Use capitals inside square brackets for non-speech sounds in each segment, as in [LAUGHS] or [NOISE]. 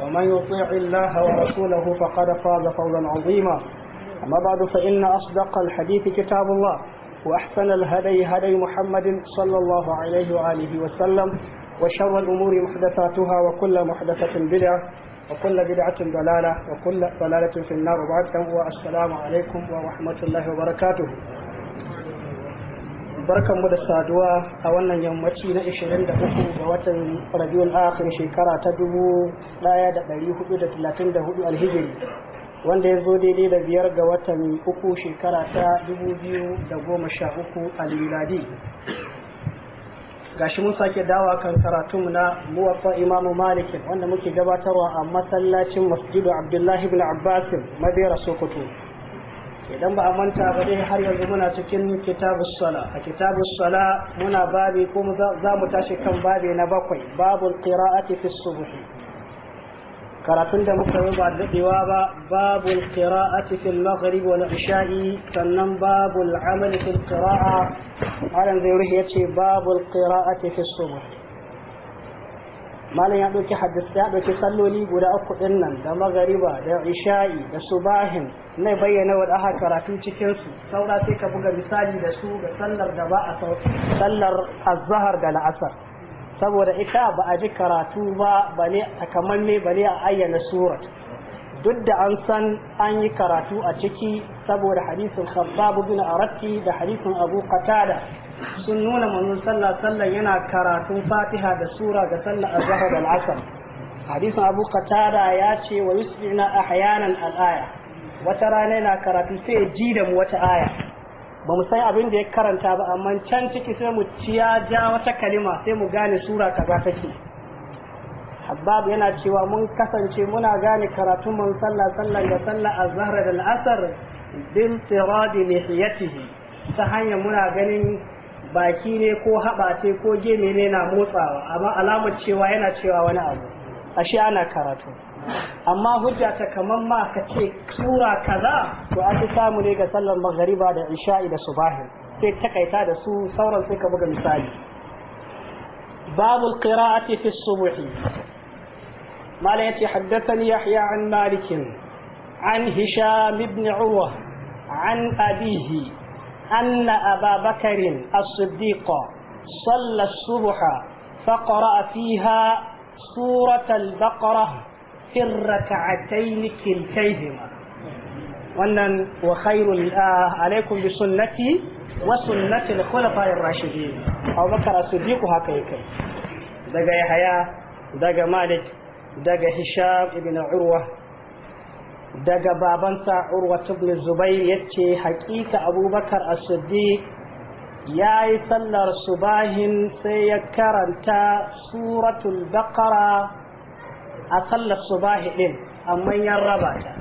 ومن يطيع الله ورسوله فقد فاز فوزا عظيما أما بعد فإن أصدق الحديث كتاب الله وأحسن الهدي هدي محمد صلى الله عليه وآله وسلم وشر الأمور محدثاتها وكل محدثة بدعة وكل بدعة ضلالة وكل ضلالة في النار وبعد والسلام عليكم ورحمة الله وبركاته mu da saduwa a wannan yammaci na 23 ga watan rabiul akhir shekara ta 1434 alhijiri wanda ya zo daidai da biyar ga watan uku shekara ta 2013 almiladi gashi mun sake dawa kan mu na muwaffa imamu malikin wanda muke gabatarwa a masallacin masjidu abdullahi ibn abbasin madera sokoto idan ba a manta ba dai har yanzu muna cikin kitabus sala a kitabus sala muna babi ko za mu tashi kan babi na bakwai babul qira'ati fi subh karatun da muka yi ba dadewa ba babul qira'ati fil maghrib wal isha'i sannan babul amali fil qira'a zai ruhi yace babul qira'ati fi subh malam ya ɗauki hadis ya ɗauki salloli guda uku ɗin nan da magariba da isha'i da subahin na bayyana wa aka karatu cikin su saura sai ka buga misali da su ga sallar da ba a sallar azhar da la'asar saboda ita ba a ji karatu ba bale a kamamme bale a ayyana surat duk da an san an yi karatu a ciki saboda hadisin khabbab bin arati da hadisin abu qatada sun nuna manzon sallah sallah yana karatun fatiha da sura ga sallah a zahar da al-Asar. hadisin abu qatada ya ce wa yusbina ahyanan al'aya wata rana yana karatu sai ya ji da mu wata aya ba mu san abin da ya karanta ba amma can ciki sai mu ciya ja wata kalima sai mu gane sura kaza take habab yana cewa mun kasance muna gane karatun mun sallah sallah da sallah da al'asr bin tiradi lihiyatihi ta hanyar muna ganin baki ne ko haɓa ce ko gene ne na motsawa amma alamar cewa yana cewa wani abu ashe ana karatu amma hujja ta kamar ma ka ce sura kaza to an fi samu ne ga sallar maghariba da isha'i da subahin sai takaita da su sauran sai ka buga misali babul qira'ati fi subhi mala yace haddathani yahya an malik an hisham ibn urwa an abihi أن أبا بكر الصديق صلى الصبح فقرأ فيها سورة البقرة في الركعتين كلتيهما وأن وخير الله آه، عليكم بسنتي وسنة الخلفاء الراشدين أبو بكر الصديق هكذا دقا يحيى دقا مالك دقا هشام ابن عروة daga babansa urwat ibn zubair yace haƙiƙa abubakar as ya yi sallar subahin sai ya karanta suratul baqara a sallar subahi ɗin amma ya raba ta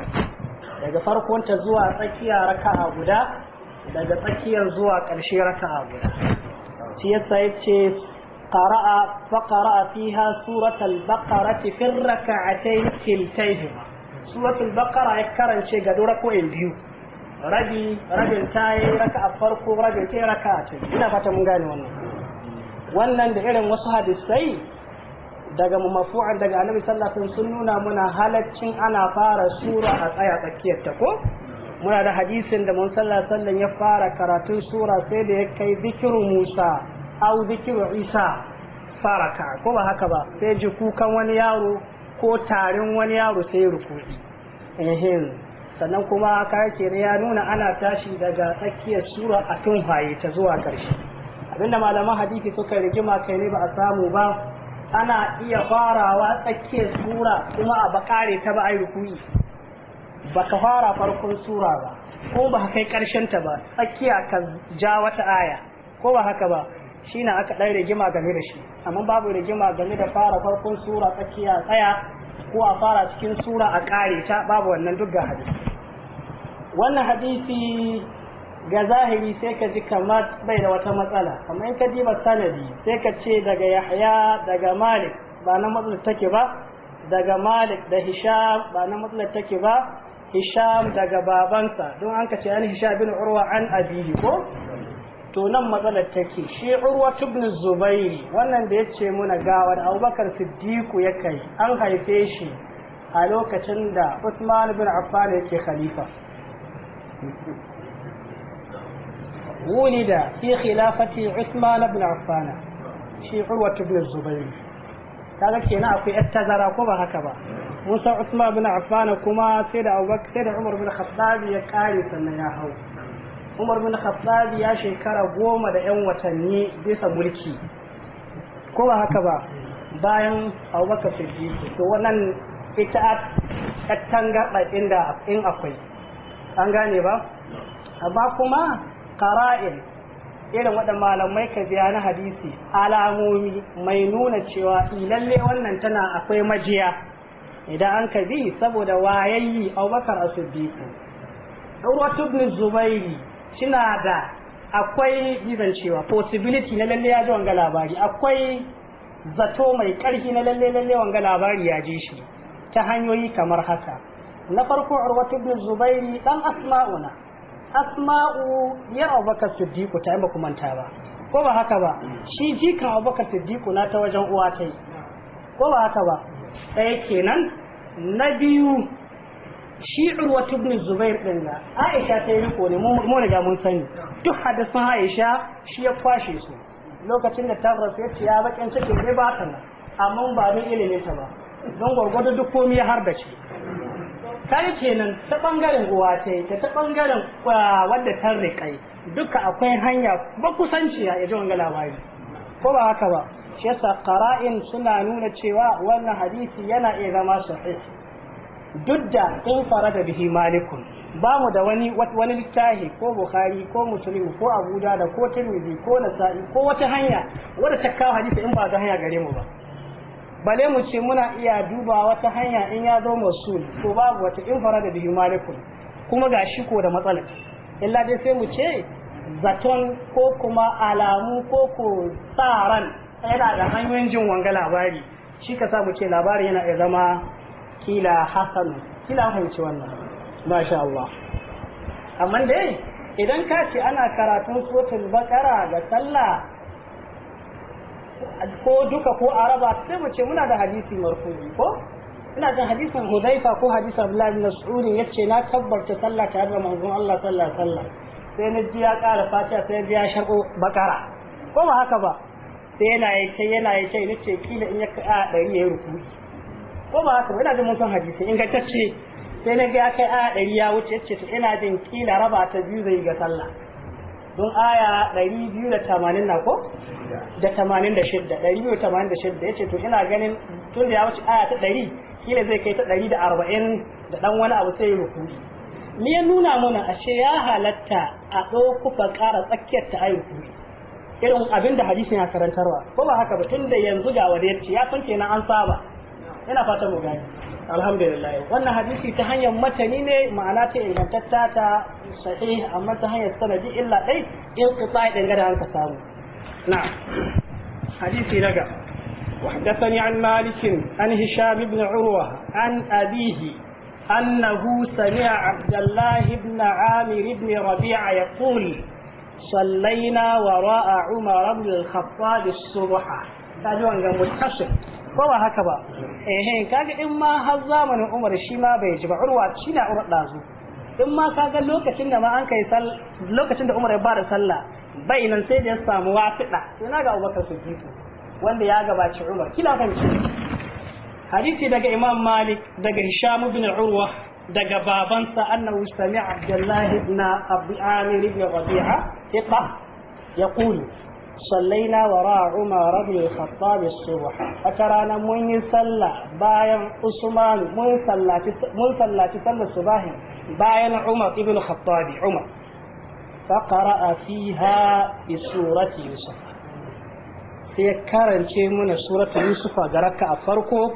daga farkonta zuwa tsakiya a guda daga tsakiyar zuwa ƙarshe a guda shi yasa yace ce fa a fiha suratul baqara fi raka'atayn kiltayhima suratul baqara ya karance ga dora ko in biyu rabi rabin tayi raka a farko rabin tayi raka ta ina fata mun gane wannan wannan da irin wasu hadisai daga mafu'an daga annabi sallallahu alaihi sun nuna muna halaccin ana fara sura a tsaya tsakiyar ta ko muna da hadisin da mun sallallahu alaihi ya fara karatun sura sai da ya kai zikiru Musa au zikiru Isa faraka ko ba haka ba sai ji kukan wani yaro ko tarin wani yaro sai ruku'i ehin sannan kuma kake ya nuna ana tashi daga tsakiyar sura a tun haye ta zuwa ƙarshe abinda malaman hadisi suka rigima kai ne ba a samu ba ana iya farawa tsakiyar sura kuma a bakare ta ba a ruku'i ba ka fara farkon sura ba ko ba kai ƙarshen ta ba tsakiya ka ja wata aya ko ba haka ba shi na aka ɗan rigima game da shi amma babu rigima game da fara farkon sura tsakiya tsaya ko a fara cikin sura a ƙare ta babu wannan duk ga hadisi wannan hadisi ga zahiri sai ka ji kamar bai da wata matsala amma in ka ji sanadi sai ka ce daga yahya daga malik ba na matsalar take ba daga malik da hisham ba na matsalar take ba hisham daga babansa don an ka ce an hisham bin urwa an abihi ko to nan matsalar take shi urwa ibn zubairi wannan da yace muna gawar abubakar siddiqu ya kai an haife shi a lokacin da usman ibn affan yake khalifa ولد في خلافة عثمان بن عفان شي عروة بن الزبير kaga kenan akwai yar tazara ko ba haka ba Musa Uthman bin Affan kuma sai da Abubakar sai da Umar bin Khattab ya kare sannan ya hau umar bin khattab ya shekara goma da yan watanni bisa mulki ko ba haka ba bayan abubakar siddiq to wannan ita a tangarɗa inda in akwai an gane ba amma kuma ƙara'in irin waɗanda malamai ka biya na hadisi alamomi mai nuna cewa lalle wannan tana akwai majiya idan an ka bi saboda wayayi abubakar a siddiq urwatu ibn zubairi suna da akwai gizan cewa possibility na lalle ya ji wanga labari akwai zato mai karfi na lalle lalle wanga labari ya ji shi ta hanyoyi kamar haka na farko urwatu ibn zubairi dan asma'una asma'u ya abubakar siddiqu ta ba manta ba ko ba haka ba shi jikan abubakar siddiqu na ta wajen uwa ta ko ba haka ba ɗaya kenan na biyu shi urwa ibn zubair din na aisha ta yi riko ne mu riga mun sani duk hadisin aisha shi ya kwashe su lokacin da ta rasu ya ce ya bakin cikin bai ba ta nan amma ba don ilimin ta ba don gwargwado duk komi ya harba shi kai kenan ta bangaren uwa ta ta ta bangaren wadda ta rikai duka akwai hanya ba kusanciya ya ji wanga labari ko ba haka ba shi yasa ƙara'in suna nuna cewa wannan hadisi yana iya zama sahih duk da in da bihi malikun ba mu da wani wani littafi ko bukhari ko Musulmi ko abu da ko tirmidhi ko nasa'i ko wata hanya wadda ta kawo hadisi in ba ga hanya gare mu ba bale mu ce muna iya duba wata hanya in ya zo masul ko babu wata in da bihi malikun kuma ga shi ko da matsala illa dai sai mu ce zaton ko kuma alamu ko ko tsaran yana da hanyoyin jin wanga labari shi ka sa mu ce labari yana iya zama kila hasan kila fahimci wannan masha Allah amma dai idan ka ce ana karatun suratul bakara da sallah ko duka ko araba sai mu ce muna da hadisi marfu'i ko ina jin hadisin Hudaifa ko hadisin abdullahi bin Mas'ud yace na tabbarta sallah ta da manzon Allah sallallahu alaihi wasallam sai na ji ya ƙara fatiha sai ji ya sharko bakara ko ba haka ba sai yana yace yana yace ce kila in ya ka dari ya rukuyi ko ba haka ina jin mun san hadisi ingantacce sai na ga kai aya ɗari ya wuce yace to ina jin kila raba ta biyu zai ga sallah don aya ɗari biyu da tamanin na ko da tamanin da shidda ɗari biyu da tamanin da shidda yace to ina ganin tun da ya wuce aya ta ɗari kila zai kai ta ɗari da arba'in da ɗan wani abu sai rukuni Ni ya nuna mana ashe ya halatta a ɗauku fa ƙara tsakiyar ta ayi irin abin da hadisin ya karantarwa ko ba haka ba tun da yanzu ga wani yace ya san kenan an saba ina fata mu gani alhamdulillah wannan hadisi ta hanyar matani ne ma'ana ta ingantatta ta sahih amma ta hanyar sanadi illa dai in qita'i dangane an ka samu na'am hadisi na gaba وحدثني عن مالك عن هشام بن عروة عن أبيه أنه سمع عبد الله بن عامر بن ربيعة يقول صلينا وراء عمر بن الخطاب الصبح هذا متصل ko ba haka ba eh kaga in ma har zamanin Umar shi ma bai ji ba urwa shi na urwa dazu in ma kaga lokacin da ma an kai sal lokacin da Umar ya bada sallah bai nan sai da ya samu wasiɗa to na ga Abubakar Siddiq wanda ya gabaci Umar kila kan ce hadisi daga Imam Malik daga Hisham ibn Urwa daga babansa annahu sami'a Abdullah ibn Abi Amir ibn Rabi'a thiqa صلينا وراء عمر بن الخطاب الصبح فكرانا من يصلى باين عثمان من صلى من صلى صلى الصباح باين عمر ابن الخطاب عمر فقرأ فيها بسورة يوسف في كارن من سورة يوسف جرك أفرقه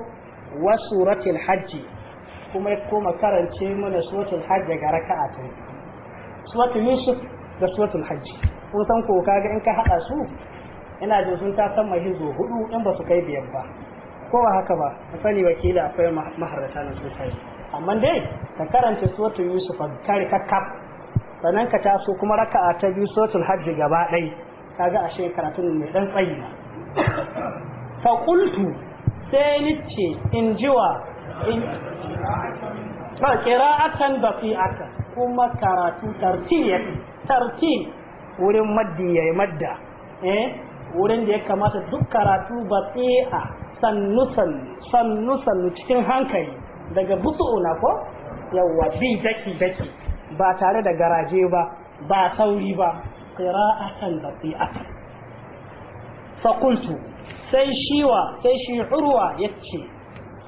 وسورة الحج كما يقوم كارن من سورة الحج جرك أتن سورة يوسف وسورة الحج kun san ko kaga in ka haɗa su ina jin sun ta san hizo hudu in ba su kai biyar ba ko ba haka ba a sani wakila akwai maharata na sosai amma dai ka karanta suratul yusuf kare kakkaf sannan ka taso kuma raka'a ta biyu suratul hajji gaba ɗai kaga ashe karatu mai dan tsayi na fa qultu sai ni ce in jiwa in qira'atan basi'atan kuma karatu tartil tartil wurin maddi ya yi madda eh wurin da ya kamata duk karatu ba a sannu sannu cikin hankali daga butu'una ko yawwa bi daki daki ba tare da garaje ba ba sauri ba qira'atan bati'atan fa qultu sai shiwa sai shi ya yace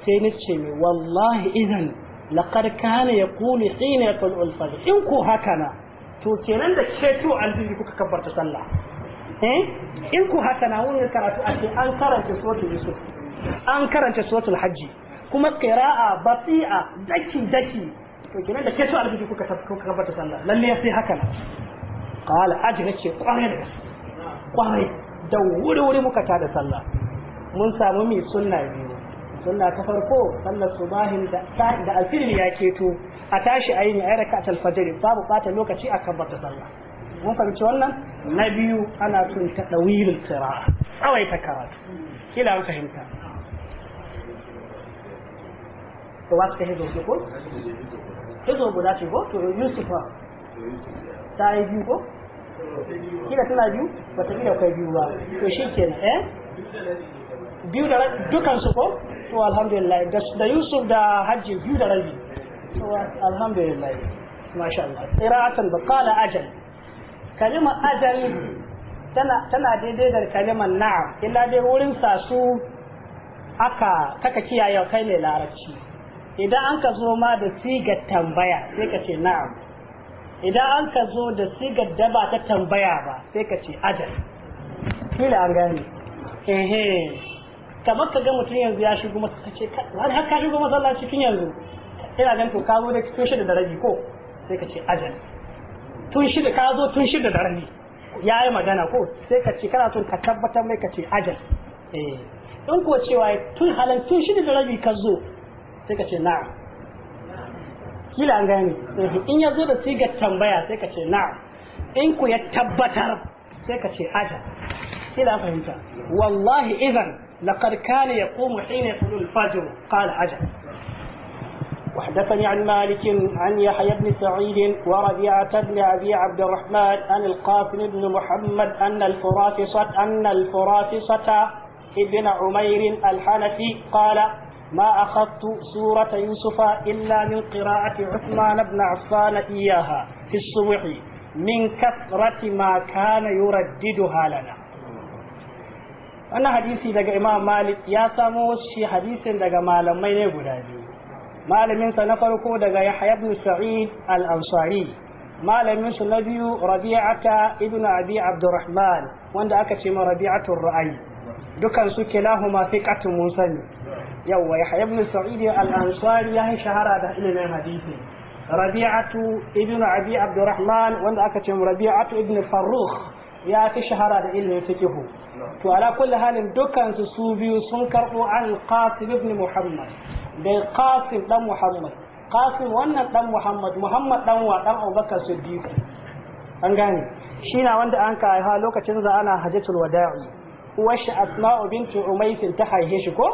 sai nace mai wallahi idan laqad ya yaqulu hina yaqulu al-fajr in ku haka na. to kenan da ceto alfijir kuka kabbarta sallah eh in ku haka na wurin karatu a ce an karanta suratul yusuf an karanta suratul hajji kuma qira'a bati'a daki daki to kenan da ceto alfijir kuka kabbarta sallah lalle sai haka na qala ajra ce kwarai da kwarai da wuri wuri muka tada sallah mun samu mai sunna biyu sunna ta farko sallar subahin da da alfijir ya keto a tashi a yi ne a raka ta alfajiri babu bata lokaci a kan bata sallah mun fahimci wannan na biyu ana tun ta dawilul qira'a tsawaita karatu kila an fahimta to wasu ka hizo su ko hizo guda ce ko to yusufa ta yi biyu ko kila tana biyu ba ta kila kai biyu ba to shi kenan eh biyu da dukansu ko to alhamdulillah da yusuf da hajji biyu da rabi alhamdulillah masha Allah qira'atan ba qala ajal kalimar ajal tana tana daidai da kalimar na'am illa dai wurin sasu aka kaka kiyaye kai ne larabci idan an ka zo ma da sigar tambaya sai ka ce na'am idan an ka zo da sigar daba ta tambaya ba sai ka ce ajal kila an gane ehe kamar ka ga mutum yanzu ya shigo masallaci wani haka shigo masallaci cikin yanzu yana gan to ka zo da tun shida da rabi ko sai ka ce ajal tun shida ka zo tun shida da rabi ya yi magana ko sai ka ce kana son ka tabbatar mai ka ce ajal eh in ko cewa tun halin tun shida da rabi ka zo sai ka ce na'am kila an gane eh, in ya zo da sigar tambaya sai ka ce na'am in ku ya tabbatar sai ka ce ajal kila fahimta wallahi idan laqad kana yaqumu hina yaqulu al-fajr qala ajal وحدثني عن مالك عن يحيى بن سعيد وربيعة بن أبي عبد الرحمن عن القاسم بن محمد أن الفرافصة أن الفرافصة ابن عمير الحنفي قال ما أخذت سورة يوسف إلا من قراءة عثمان بن عفان إياها في الصبح من كثرة ما كان يرددها لنا أنا حديثي daga إمام مالك يا ساموش shi حديث daga malamai ne guda malaminsa na farko daga Yahya ibn Sa'id al-Ansari malamin su na biyu Rabi'ata ibn Abi Abdurrahman wanda aka ce ma Rabi'atul ra'ayi dukan su kilahuma thiqatun mun sani yawa Yahya ibn Sa'id al-Ansari ya shahara da ilimin hadisi Rabi'atu ibn Abi Abdurrahman wanda aka ce Rabi'atu ibn Farrukh ya fi shahara da ilimin fikihu to ala kulli halin dukkan su su biyu sun karbo al qasim ibn muhammad da qasim dan muhammad qasim wannan dan muhammad muhammad dan wa dan abubakar siddiq an gane shi na wanda an ka lokacin da ana hajjatul wada'i uwashi asma'u binti umayth ta haihe shi ko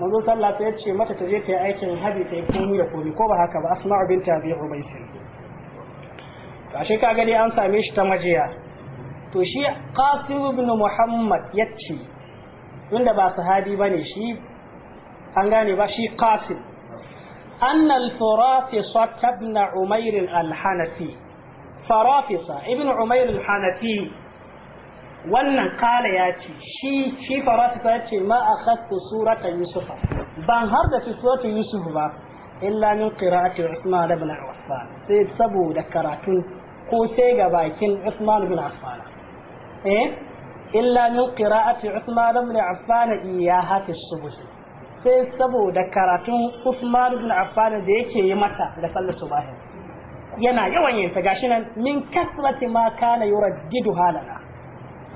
manzo sallah sai ya ce mata ta je ta yi aikin haji ta yi komai da komai ko ba haka ba asma'u binti abi umayth ashe ka gani an same shi ta majiya to shi qasim ibn muhammad yace tunda ba sahabi bane shi an gane ba shi qasim أن الفرافصة ابن عمير الحنفي فرافصة ابن عمير الحنفي wannan kala ya ci shi shi farafisa ya ce ma a khastu suratan yusufa ban har da suratan yusuf ba illa min qira'ati usman ibn affan sai saboda karatun ko sai ga bakin usman ibn affan eh illa min qira'ati usman ibn affan iyaha fi subhi sai saboda karatun Usman ibn Affan da yake yi mata da sallar subah yana yawan yin ta gashi nan min kasrati ma kana yuraddidu halana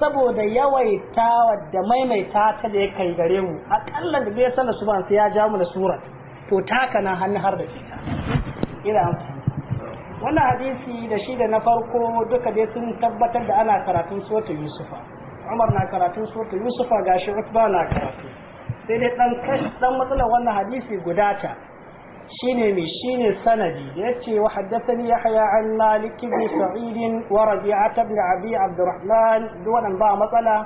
saboda yawaitawa da maimaita ta da yake gare mu akalla da bai sallar subah sai ya ja mu da sura to taka na hannu har da ita ina wannan hadisi da shi da na farko duka dai sun tabbatar da ana karatun suratul yusufa Umar na karatun suratul yusufa gashi Utba na karatu sai dai dan kash matsalar wannan hadisi guda ta shine mai sanadi da yace wa haddathani yahya an malik ibn sa'id wa rabi'ah ibn abi abdurrahman duwan ba matsala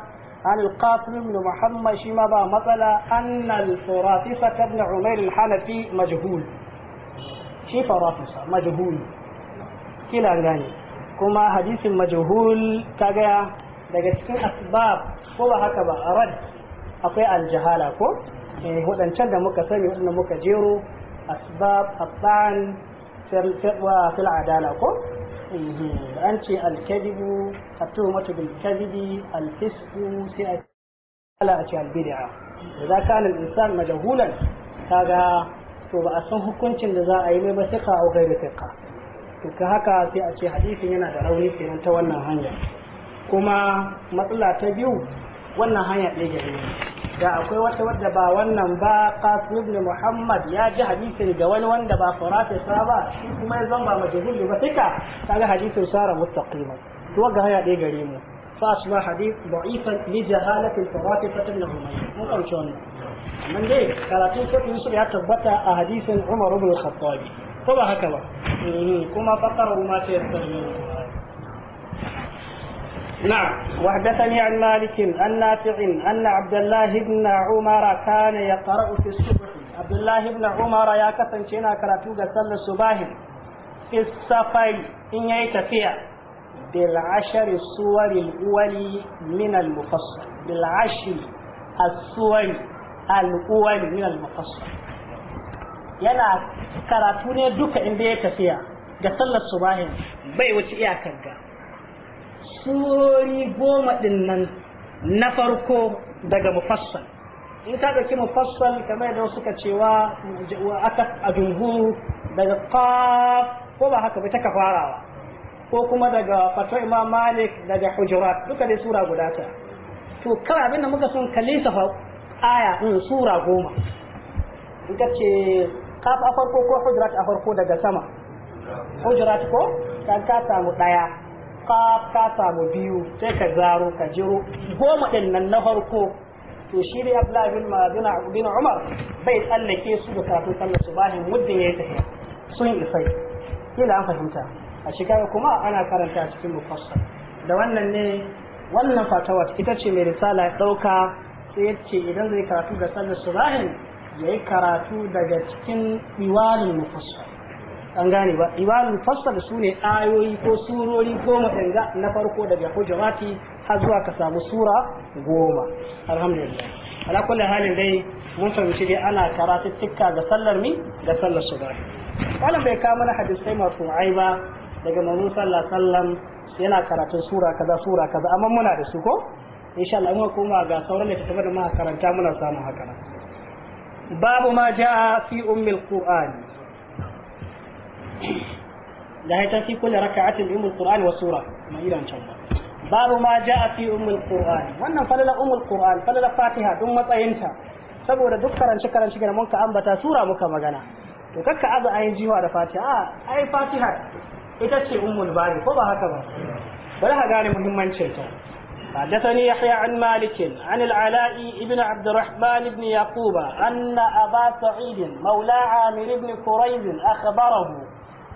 عن القاسم بن محمد شما با مثلا أن الفرافسة بن عمير الحنفي مجهول شي فرافسة مجهول كلا غاني كما حديث مجهول كاغا daga cikin asbab ko ba haka ba a rad akwai aljahala ko eh, waɗancan da muka sani waɗanda muka jero asbab abban fil adala ko mhm. an ce alkadibu at-tuhmatu bil kadibi al-fisqu sai ala a ce al-bid'a idza kana al-insan majhulan kaga to ba a san hukuncin da za a yi mai ba sai ka au gairi fiqa to ka haka sai a ce hadisin yana da rauni kenan ta wannan hanya kuma matsala ta biyu wannan hanya ɗaya gare ne da akwai wata wadda ba wannan ba qasim ibn muhammad ya ji hadisin ga wani wanda ba farafisa ba shi kuma ya zamba majhul ba tika kaga hadisin sara mustaqima to ga hanya ɗaya gare mu فاصبح حديث ضعيفا لجهالة الفرافقة ابن عمير مو قوشون من دي قالتين كنت يوسف يتبتع ko ba haka ba eh, kuma هكذا كما فقروا ما تيستغلون نعم وحدثني عن مالك عن نافع أن عبد الله بن عمر كان يقرأ في الصبح عبد الله بن عمر يا كفن شينا كراتو قسل الصباح في السفر إن يتفيع بالعشر الصور الأول من المفصل بالعشر الصور الأول من المفصل yana karatu ne duka inda ya tafiya ga sallar subahin bai wuce iyakar ga surori goma din nan na farko daga mufassal in ta dauki mufassal kamar da suka cewa wa aka a daga qaf ko ba haka ba ta kafarawa ko kuma daga fatwa imam malik daga hujurat duka dai sura guda ta to abin abinda muka son kalisa fa aya in mm, sura goma in ka ce qaf a farko ko hujurat a farko daga sama hujurat ko kan ka samu daya Ka ka samu biyu sai ka zaro ka jiro goma din nan na farko to shi dai Abdullahi bin Madina bin Umar bai tsallake su da kafin sallar subahin muddin yayi tafiya sun isai kila an fahimta a shekara kuma ana karanta cikin mufassal da wannan ne wannan fatawa ita ce mai risala ya dauka sai yace idan zai karatu da sallar subahin yayi karatu daga cikin diwanin mufassal an gane ba ibalul fassal sune ayoyi ko surori goma din ga na farko daga hujurati har zuwa ka samu sura goma alhamdulillah ala kulli halin dai mun fahimci dai ana karatuttuka ga sallar mi ga sallar subah wannan bai kawo mana hadisai masu ba daga manzon sallah sallam yana karatun sura kaza sura kaza amma muna da su ko insha Allah mun koma ga sauran da tafi da mu karanta muna samun haka babu ma jaa fi ummil qur'ani ده في كل ركعة أم القرآن وسورة ما إلى إن شاء الله باب ما جاء في أم القرآن قال فلل أم القرآن قال فلل فاتحة ثم طينتا سبو دكتور أن شكرا شكرا منك أم بتا سورة مكما قنا وكك أبا أي جيوة فاتحة آه أي فاتحة إتتي أم الباري فبا هكذا بل هكذا مهم من شيء حدثني يحيى عن مالك عن العلاء ابن عبد الرحمن بن يعقوب أن أبا سعيد مولى عامر بن كريب أخبره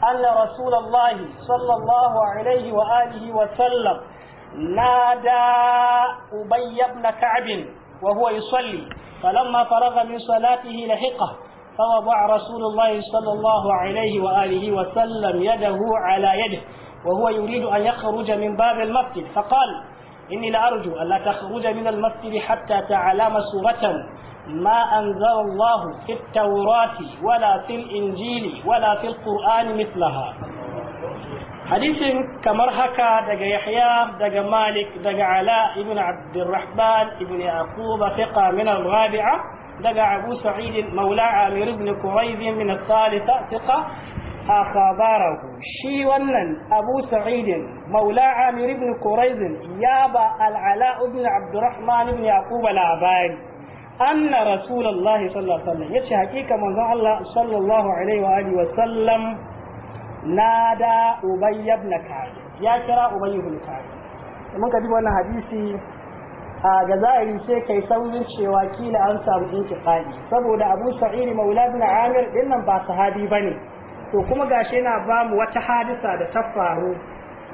أن رسول الله صلى الله عليه وآله وسلم نادى أبي بن كعب وهو يصلي فلما فرغ من صلاته لحقه فوضع رسول الله صلى الله عليه وآله وسلم يده على يده وهو يريد أن يخرج من باب المسجد فقال إني لأرجو ألا تخرج من المسجد حتى تعلم سورة ما أنزل الله في التوراة ولا في الإنجيل ولا في القرآن مثلها حديث كمر دقى يحيى دقى مالك دقى علاء ابن عبد الرحمن ابن يعقوب ثقة من الرابعة دقى أبو سعيد مولى عامر بن كريز من الثالثة ثقة أخباره شي ونن أبو سعيد مولى عامر بن كريز يابا العلاء بن عبد الرحمن بن يعقوب العباني anna rasulullahi sallallahu alaihi wasallam yace hakika manzon Allah sallallahu alaihi wa alihi wasallam nada ubay ibn ka'b ya kira ubay ibn ka'b mun ka duba wannan hadisi a ga zahiri sai kai saurin cewa kila an samu intiqadi saboda Abu Sa'id Maula ibn Amir dinnan ba sahabi bane to kuma gashi yana ba mu wata hadisa da ta faru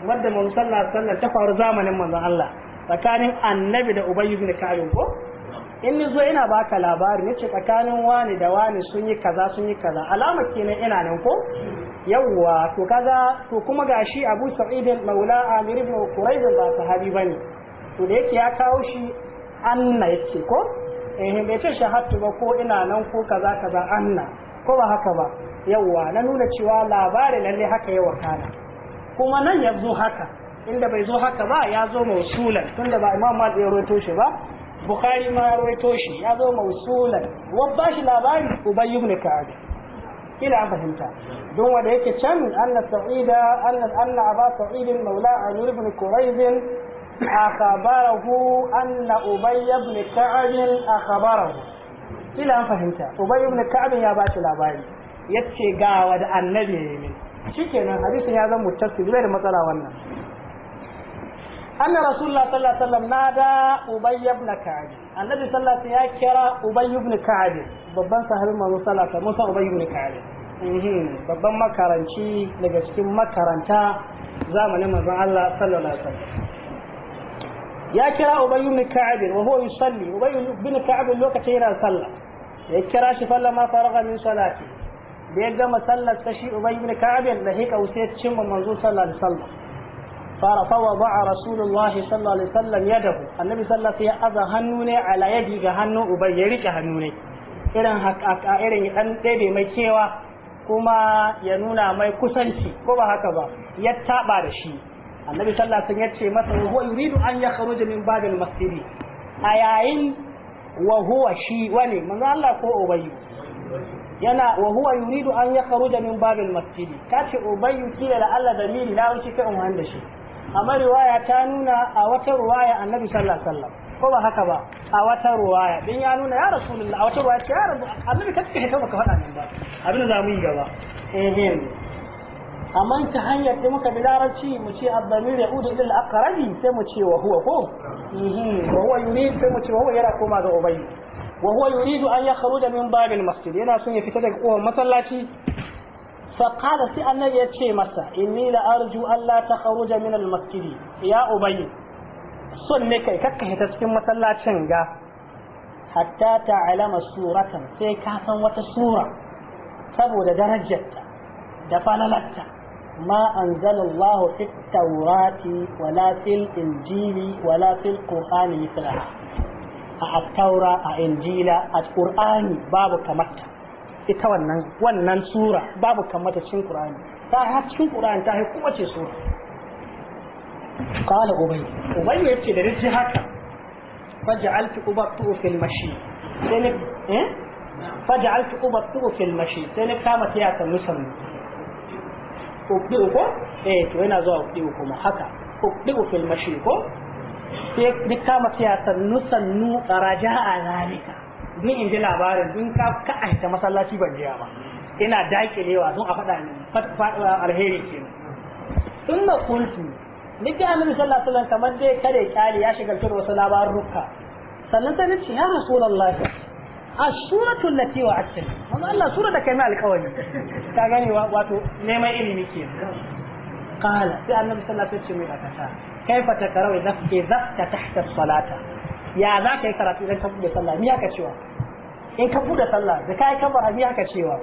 wadda manzon sallallahu alaihi wasallam ta faru zamanin manzon Allah tsakanin annabi da Ubay ibn ka'b ko in ni zo ina baka labari nace tsakanin wani da wani sun yi kaza sun yi kaza alama kenan ina nan ko yawwa to kaza to kuma gashi Abu Sa'id Maula Amir ibn Qurayb ba sahabi bane to da yake ya kawo shi anna yake ko eh bai ce shahadtu ba ko ina nan ko kaza kaza anna ko ba haka ba yawwa na nuna cewa labari lalle haka yawa kana kuma nan ya zo haka inda bai zo haka ba ya zo mausulan tunda ba Imam Malik ya rawaito shi ba bukhari ma ya rawaito shi ya zo mausulan wa ba shi labari ubay ibn ka'ab kila fahimta don wanda yake can anna sa'ida anna anna aba sa'id maula amir ibn quraiz akhbarahu anna ubay ibn ka'ab akhbarahu kila fahimta ubay ibn ka'ab ya ba shi labari yace ga wa da annabi ya yi shikenan hadisin ya zama mutassil bai da matsala wannan anna rasulullah sallallahu alaihi wasallam nada ubay ibn ka'ab annabi sallallahu alaihi wasallam ya kira ubay ibn ka'ab babban sahabin manzo sallallahu alaihi wasallam ubay ibn ka'ab babban makaranci daga cikin makaranta zamanin manzo Allah sallallahu alaihi wasallam ya kira ubay ibn ka'ab wa huwa yusalli ubay ibn ka'ab lokaci yana sallah ya kira shi ma faraga min salati da ya gama sallar ta shi ubay ibn ka'ab da hika usayt cin manzo sallallahu alaihi wasallam fara fawa rasulullahi sallallahu alaihi wasallam yadahu annabi sallallahu alaihi wasallam ya aza hannu ne ala yadi ga hannu Uban ya rike hannu ne irin haka irin ya dan ɗebe mai cewa kuma ya nuna mai kusanci ko ba haka ba ya taba da shi annabi sallallahu alaihi wasallam ya ce masa huwa yuridu an yakhruja min babil masjidi a yayin wa huwa shi wane manzo Allah ko ubayyu yana wa huwa yuridu an yakhruja min babil masjidi kace ubayyu kila la Allah da miri na wuce kai umman da shi amma riwaya ta nuna a wata riwaya annabi sallallahu alaihi wasallam ko ba haka ba a wata Ruwaya? din ya nuna ya rasulullah a wata riwaya ce ya rabu annabi ka tsike ta baka faɗa nan ba abin da mu yi gaba eh amma ta hanyar da muka bi larabci mu ce abdamir ya udu ila aqrabi sai mu ce wa huwa ko wa huwa yurid sai mu ce wa huwa yana koma ga ubayy wa huwa yuridu an yakhruja min babil masjid yana son ya fita daga kofar masallaci faƙada sai annan ya ce masa inni la arju Allah ta kharuja min al masjidi ya ubayi son ne kai kakka hita cikin masallacin ga hatta ta'lama suratan sai ka san wata sura saboda darajarta da falalarta ma anzala Allah fi tawrati wala fil injili wala fil qur'ani a at a injila at-qur'ani babu kamarta ita wannan wannan sura babu kamata cikin Qur'ani ta ha cikin Qur'ani ta hai kuma ce sura qala ubay ubay yace da rijji haka faj'altu ubattu fil mashi sai ne eh faj'altu ubattu fil mashi sai ne kama ta yaka musan ubdi ko eh to yana zuwa ku kuma haka ubdi fil mashi ko sai ne kama ta yaka nusannu qaraja'a zalika ni in ji labarin dun ka ka aita masallaci ban jiya ba ina dakilewa don a faɗa ni alheri kenan sun na kuntu ni annabi sallallahu alaihi kamar dai kare ya kyale ya shigaltar wasu labarurruka sannan sai ni ce ya rasulullahi السورة التي وعدتني والله الله سورة كما القولي كاغاني واتو نيما إلي كيف قال في النبي صلى الله عليه وسلم كيف تكره إذا تحت الصلاة ya za ka yi karatu idan ka buɗe sallah miya haka cewa in ka buɗe sallah da ka yi kabara mi haka cewa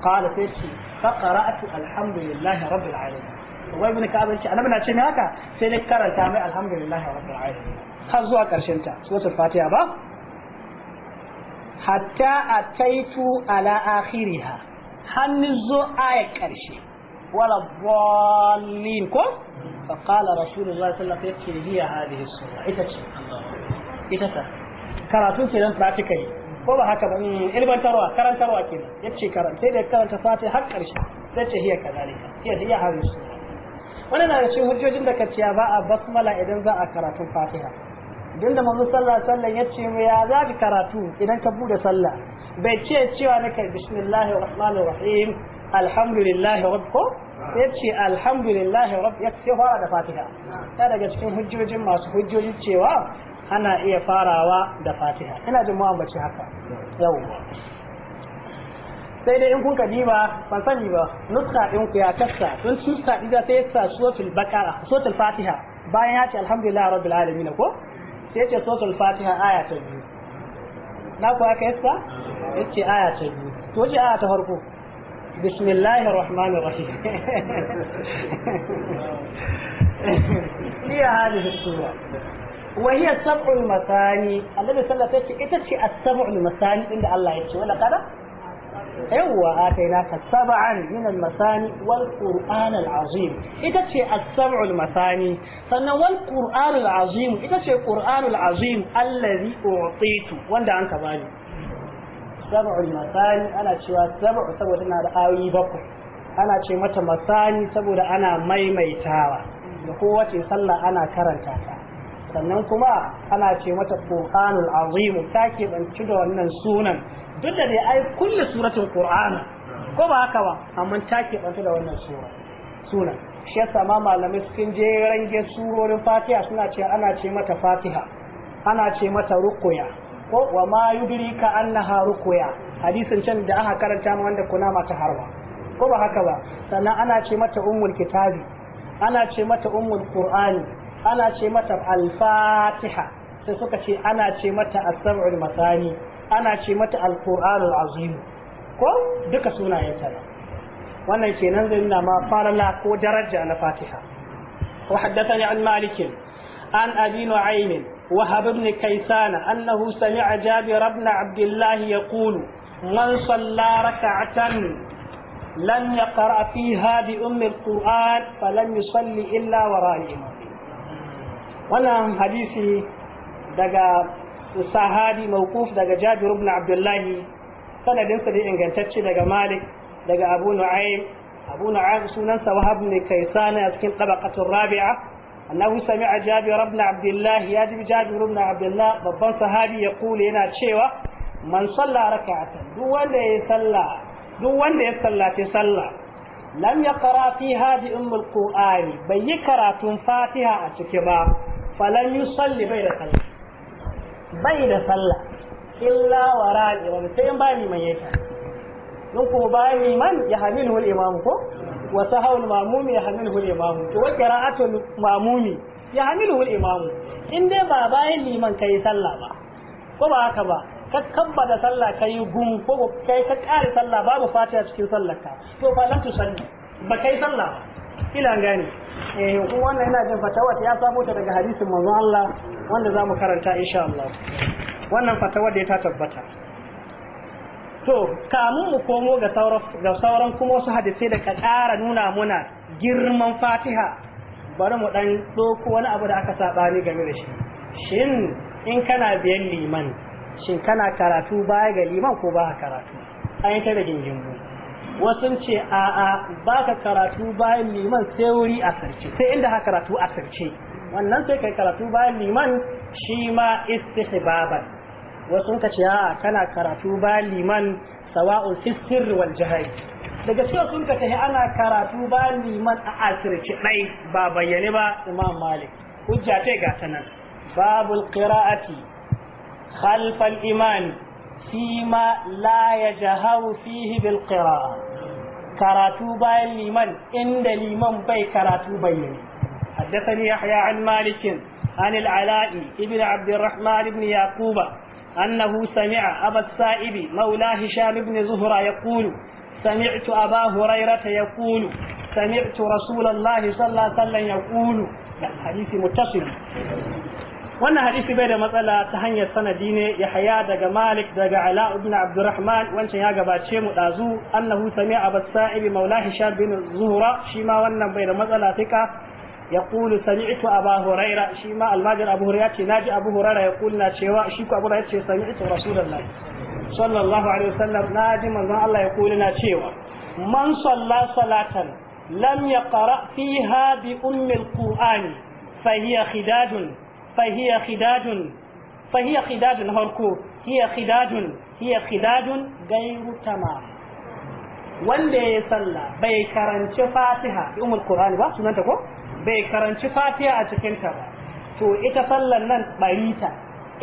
qala sai ce fa qara'atu alhamdulillahi rabbil alamin wai ibn ka'ab ce annabi na ce mi haka sai dai karanta mai alhamdulillahi rabbil alamin har zuwa karshen ta suratul fatiha ba hatta ataitu ala akhiriha hannu zo ayat karshe wala dallin ko فقال رسول الله صلى الله عليه وسلم هي هذه السنة إذا ita ta karatu kenan practically ko ba haka ba mm, ilmantarwa karantarwa kenan yace karanta sai da karanta fatiha har karshe sai ce hiya kadalika hiya hiya harisu wannan na cikin hujjojin da kaciya ba a basmala idan za a karatun fatiha don da manzo sallallahu alaihi wasallam yace mu ya za ka karatu idan ka bude sallah bai ce cewa ne naka bismillahir rahmanir rahim alhamdulillahi rabb ko yace alhamdulillahi rabb ya ce fara da fatiha ta daga cikin hujjojin masu hujjojin cewa ana iya farawa da fatiha ina jin mu'amma ce haka yau sai dai in kun kadiba ban sani ba nuska din ku ya tassa sun suka diga sai sa suratul baqara suratul fatiha bayan ya ce alhamdulillah rabbil alamin ko sai ya ce suratul fatiha aya ta biyu na ku aka yassa yace aya ta biyu to ji aya ta farko bismillahir rahmanir rahim liya [LAUGHS] hadhihi sura وهي السبع المثاني النبي صلى الله عليه وسلم يتشي السبع المثاني عند الله يتشي ولا كذا هو آتيناك سبعا من المثاني والقرآن العظيم يتشي السبع المثاني فأنا والقرآن العظيم يتشي القرآن العظيم الذي أعطيته وانت أنت بالي سبع المثاني أنا شوى سبع سبع أنا آوي بكر أنا شوى متى مثاني سبع أنا ميميتاوى da kowace sallah ana karanta ta sannan kuma ana ce mata qur'anul azim ta ke banci da wannan sunan duk da dai ai kullu suratul qur'an ko ba haka ba amma ta ke banci da wannan sura sunan shi yasa ma malamai cikin jeren ge surorin fatiha suna ce ana ce mata fatiha ana ce mata rukuya ko wa ma yudrika annaha rukuya hadisin can da aka karanta ma wanda kuna mata harwa ko ba haka ba sannan ana ce mata ummul kitabi ana ce mata ummul qur'ani ana ce mata al-fatiha sai suka ce ana ce mata as-sab'ul masani ana ce mata al-qur'anul ko duka sunayen ta wannan kenan zai nuna ma ko daraja na fatiha wa ni an malik an abi nu'aym wa hab ibn kaysan annahu sami'a jabir ibn abdullah yaqulu man salla rak'atan لم يقرأ فيها بأم القرآن فلم يصلي إلا وراء الإمام wannan hadisi daga sahabi mawquf daga Jabir ibn Abdullah sanadinsa sa da ingantacce daga Malik daga Abu Nu'aym Abu Nu'aym sunan sa Wahab ibn Kaysan a cikin tabaqatul rabi'a annahu sami'a Jabir ibn Abdullah ya ji Jabir ibn Abdullah babban sahabi ya kula yana cewa man salla raka'atan duk wanda ya salla duk wanda ya sallace sallah lam yaqra fi hadi ummul qur'ani bai yi karatun fatiha a ciki ba falan salli bai da salla, bai da salla, illa wa wara'i wa sai in bani mai yake don kuma bani man ya hamilu al-imam ko wa sahawul mamumi ya hamilu al imamu, to wa qira'atul mamumi ya hamilu al imamu, in dai ba bayan liman kai salla ba ko ba haka ba ka kabbada sallah kai gum ko kai ka kare salla babu fatiha cikin sallar ka to fa lan tusalli ba kai salla, ba ina gane eh ko wannan ina jin fatawa ya samo ta daga hadisin manzo Allah wanda zamu karanta insha Allah wannan fatawa da ta tabbata to kamun mu komo ga sauran ga sauran kuma wasu hadisai da ka ƙara nuna muna girman Fatiha bari mu dan doko wani abu da aka sabani game da shi shin in kana biyan liman shin kana karatu baya ga liman ko ba karatu an yi ta da gingimu wasu ce a a baka karatu bayan liman sai wuri a sarce sai inda haka karatu a sarce wannan sai kai karatu bayan liman shi ma istihbaban wasu ka ce a kana karatu bayan liman sawa'un sirri wal jahari daga cewa sun ka tafi ana karatu baliman liman a asirci ɗai ba bayyane ba imam malik hujja ce ga ta nan babul qira'ati khalfal iman fi ma la yajharu fihi bil karatu bayan liman inda liman bai karatu bayyane حدثني يحيى عن مالك عن العلاء ابن عبد الرحمن بن يعقوب أنه سمع أبا السائب مولى هشام بن زهرة يقول سمعت أبا هريرة يقول سمعت رسول الله صلى الله عليه وسلم يقول الحديث متصل wannan hadisi bai da matsala ta hanyar sanadi ne yahya daga malik daga ala ibn abdurrahman wancan ya gabace mu dazu annahu sami'a abu sa'ib maula hisham bin zuhra shi ma wannan bai da matsala tika yaqulu sami'tu aba huraira shi almajir abu huraira ce naji abu huraira yaqulu na cewa shi ko abu huraira ce sami'tu sallallahu alaihi wasallam naji manzon Allah yaqulu na cewa man salla salatan lam yaqra fiha فهي خداج فهي خداج هركو هي خداج هي خداج غير تمام wanda ya salla bai karanci fatiha umar qur'ani ba sunanta ko bai karanci fatiha a cikin ta ba to ita sallan nan barita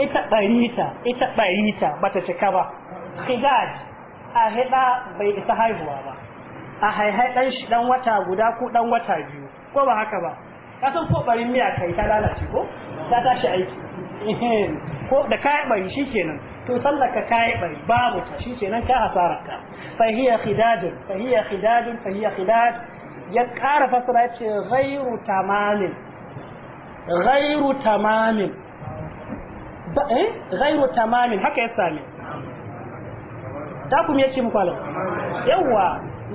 ita barita ita barita bata cika ba khidaj a heba bai isa haihuwa ba a haihai dan shi dan wata guda ko dan wata biyu ko ba haka ba ka san ko barin miya kai ta lalace ko ta tashi aiki [LAUGHS] ko da kai bari shikenan to sallaka kai bari babu ta shikenan ka hasara ka fa hiya khidaj fa hiya khidaj fa hiya khidad ya ƙara fasara ce ghairu tamamin ghairu tamamin eh ghairu tamamin haka ya sami ta kuma yace muku alau yawa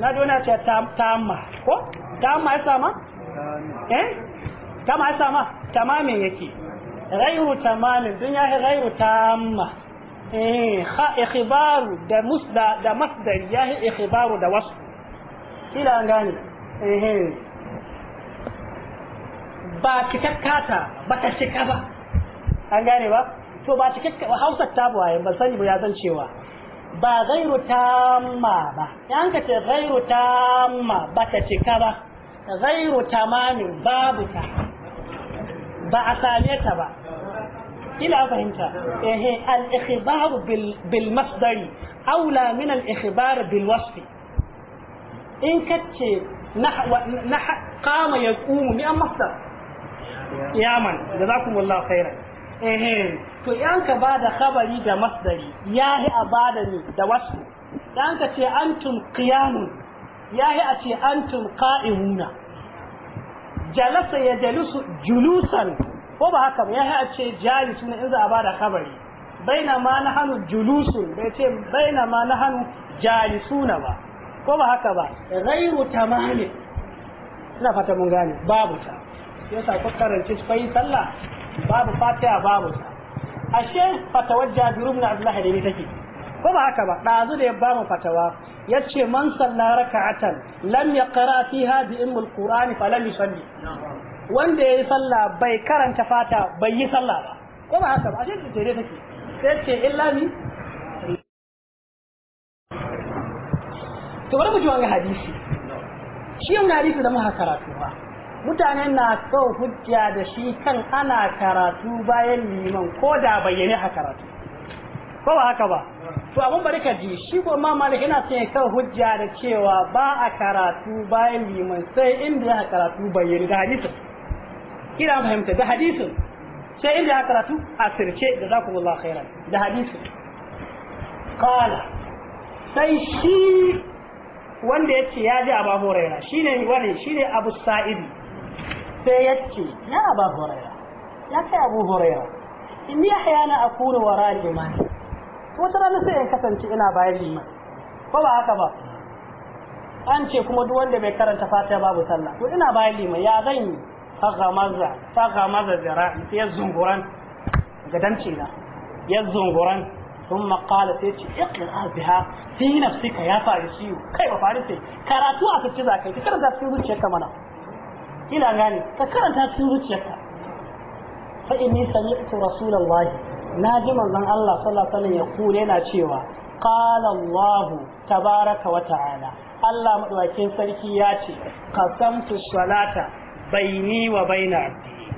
na dona ce tamma ko tamma ya sama eh kama a sama tamamin yake ghairu tamamin dun yahi ghairu tamma eh kha ikhbaru da musda da masdar yahi ikhbaru da wasu kila an gane eh ba kitakata ba ta shika ba an gane ba to ba cikakka Hausa ta yayin ban sani ba ya san cewa ba gairu tamma ba yan ka ce gairu tamma ba ta cika ba gairu tamamin babu ta ba a same ta ba ila fahimta eh al-ikhbar bil masdari aula min al-ikhbar bil wasf in kace na qama yaqumu mi masdar yaman Allah khairan eh to yan ka bada khabari da masdari yahi abada ni da wasf dan ka ce antum qiyamun yahi a ce antum qa'imuna jalasa ya jalusu julusan ko ba haka ba ya ce jalisu ne in za a bada kabari bai na ma na hannu julusun bai ce bai na ma na hannu suna ba ko ba haka ba ma tamami ina fata mun gane babu ta ya sa ko karanci fai sallah babu fatiha babu ta ashe fatawajja bi rubna Abdullahi da take ko ba haka ba ɗazu da ya ba mu fatawa ya ce man salla raka'atan lam ya qara fiha bi ummul qur'ani fa lam yusalli wanda ya yi sallah bai karanta fata bai yi sallah ba ko ba haka ba ashe ce tare take sai ce illa ni to bari mu ji wani hadisi shi wani hadisi da muka karatu ba mutane na so hujja da shi kan ana karatu bayan liman ko da bayyane a karatu ko ba haka ba to abun bari ka ji shi ko ma malik yana son kan hujja da cewa ba a karatu bayan liman sai inda ya karatu bayyana da hadisin kira fahimta da hadisin sai inda ya karatu a sirce da zakumullahu khairan da hadisin qala sai shi wanda ya ce ya ji a babu raira shi ne wani shi ne abu sa'idi sai ya ce ya a babu raira ya ce abu raira in ya haya na a kuna wa rajimani wata rana sai ya kasance ina bayan liman ko ba haka ba an ce kuma duk wanda bai karanta fatiha babu sallah to ina bayan liman ya zan yi faka maza faka maza zira ya zunguran ga damce na ya zunguran ثم قال سيتي اقرا بها في نفسك يا فارسي كيف فارسي كراتو أكتشي ذاك كي كرanta cikin ka mana ila gane ka karanta cikin zuciyarka fa inni sami'tu rasulallah. na ji manzon Allah sallallahu alaihi ya kure yana cewa qala Allahu tabaraka wa ta'ala Allah madawakin sarki ya ce qasamtu salata baini wa baina abdi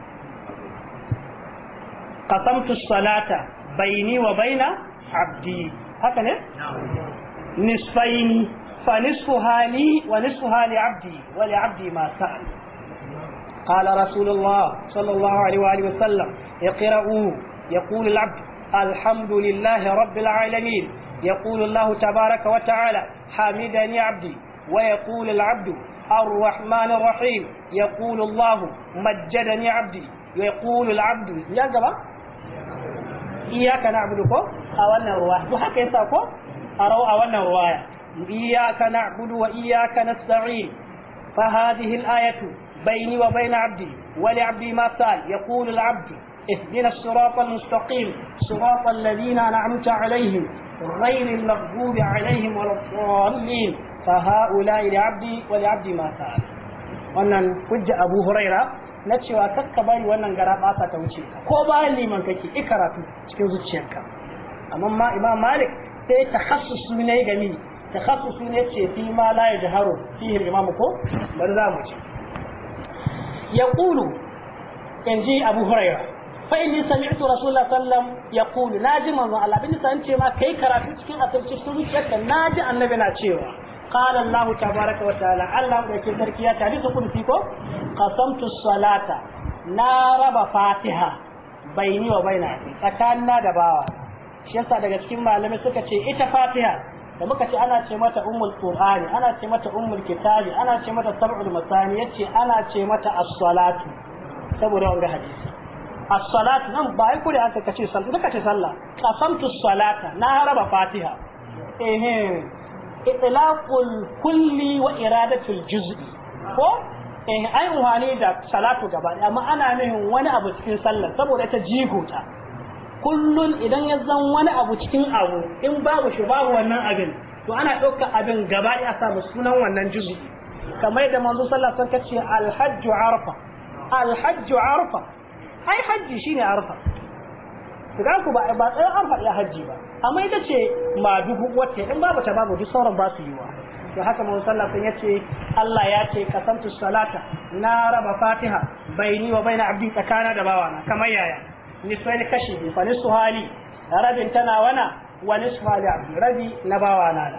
qasamtu salata baini wa baina abdi haka ne nisfaini fa nisfu hali wa nisfu hali abdi wa li abdi ma sa'al qala rasulullah sallallahu alaihi wa alihi wa sallam iqra'u يقول العبد الحمد لله رب العالمين يقول الله تبارك وتعالى يا عبدي ويقول العبد الرحمن الرحيم يقول الله مجدني عبدي ويقول العبد يا جماعة إياك نعبدك أولنا رواية وحكى يساكو أروا أولنا رواية إياك نعبد وإياك نستعين فهذه الآية بيني وبين عبدي ولعبدي ما سال يقول العبد اهدنا الصراط المستقيم صراط الذين أنعمت عليهم غير المغضوب عليهم ولا الضالين فهؤلاء لعبدي ولعبدي ما wannan hujja Abu Huraira na cewa kakka bari wannan gara basa ta wuce ka ko bayan liman kake i karatu cikin zuciyarka amma ma Imam Malik sai takhassus ne gami takhassus ne ce fi ma la yajharu fihi imam ko bari za mu ci yaqulu inji Abu Huraira fa inni sami'tu rasulullah sallam yaqulu naji manzo Allah bin san ce ma kai karatu cikin asirci sun yadda naji annabi na cewa qala Allah tabaraka wa ta'ala Allah da ke sarki ya tare su kun ko qasamtu salata na raba fatiha baini wa baina tsakanina da bawa shi yasa daga cikin malamai suka ce ita fatiha da muka ce ana ce mata ummul qur'ani ana ce mata ummul kitabi ana ce mata sab'ul masani yace ana ce mata as-salatu saboda wannan hadisi as-salat nan ba ai kure aka kace sallah duka ce sallah qasamtu salata na haraba fatiha eh itlaqul kulli wa iradatul juz'i ko eh ai wani da salatu gaba amma ana nihin wani abu cikin sallah saboda ta jigota kullun idan ya zan wani abu cikin abu in babu shi babu wannan abin to ana ɗauka abin gaba a samu sunan wannan juzu kamar da manzo sallah sun kace alhajju arfa alhajju arfa ai hajji shine arfa ga ku ba ba tsayin arfa ya hajji ba amma ita ce ma dubu wacce in babu ta babu duk sauran ba su yi wa to haka mun sallah sun yace Allah ya ce kasamtu salata na raba fatiha baini wa baina abdi tsakana da bawana kamar yaya ni kashi bi fa nisfu hali rabin tana wana wa nisfu hali abdi rabi na bawana na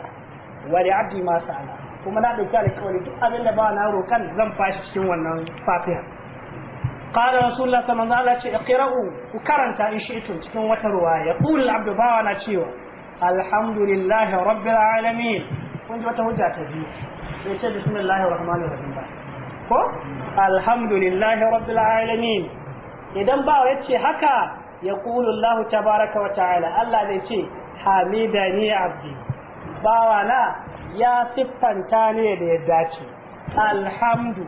wa li abdi ma sa'ala kuma na dauki alƙawari duk abin da bawana rokan zan fashi cikin wannan fatiha قال رسول الله صلى الله عليه وسلم اقرأوا وكرنت إن شئتم تكون وترواية يقول العبد باوانا تشيو الحمد لله رب العالمين كنت وتهجى تبيه بسم الله الرحمن الرحيم ko alhamdu lillahi rabbil alamin idan ba ya ce haka ya kulu ta baraka wa ta'ala Allah zai ce hamida ni abdi bawana ya siffanta ne da ya dace alhamdu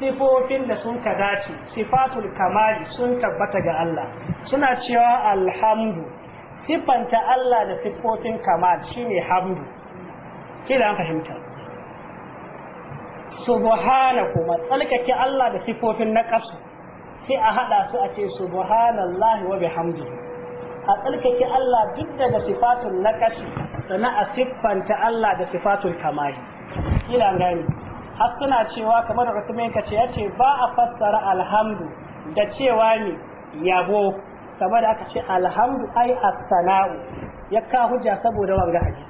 sifofin da sun ka dace sifatul kamali sun tabbata ga Allah suna cewa alhamdu siffanta Allah da sifofin kamali shine hamdu kila an fahimta subhana kuma tsalkake Allah da sifofin na kasu sai a hada su a ce subhanallahi wa bihamdihi a tsalkake Allah duk daga sifatul naqashi sana a siffanta Allah da sifatul kamali kila an gani har suna cewa kamar Uthman kace yace ba a fassara alhamdu da cewa ne yabo kamar da aka ce alhamdu ai as-sana'u ya ka hujja saboda wanga hadisi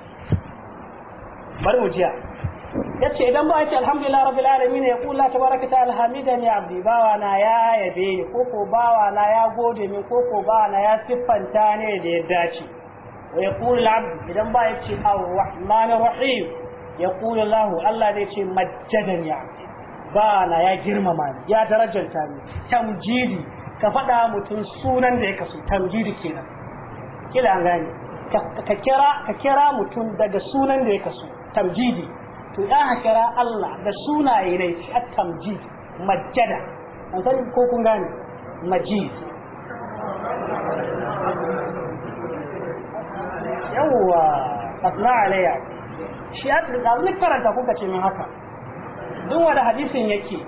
Bar mu jiya yace idan ba ce alhamdulillah rabbil alamin ya kula tabaraka ta hamidan ya abdi bawa na ya yabe ni koko bawa na ya gode min koko bawa na ya siffanta ne da ya dace wa yaqul abd idan ba ya ce ar-rahmanir rahim Ya yaqulu Allah Allah zai ce ya. ba na ya girmama ni ya darajanta ni tamjidi ka faɗa mutum sunan da ya kasu tamjidi kenan kila an gane ka kira ka kira mutum daga sunan da ya kasu tamjidi to ya kira Allah da sunaye ne shi at-tamjid majjada an sani ko kun gane majid yawwa asna alayya shi ya da ni karanta kuka ce min haka duk wanda hadisin yake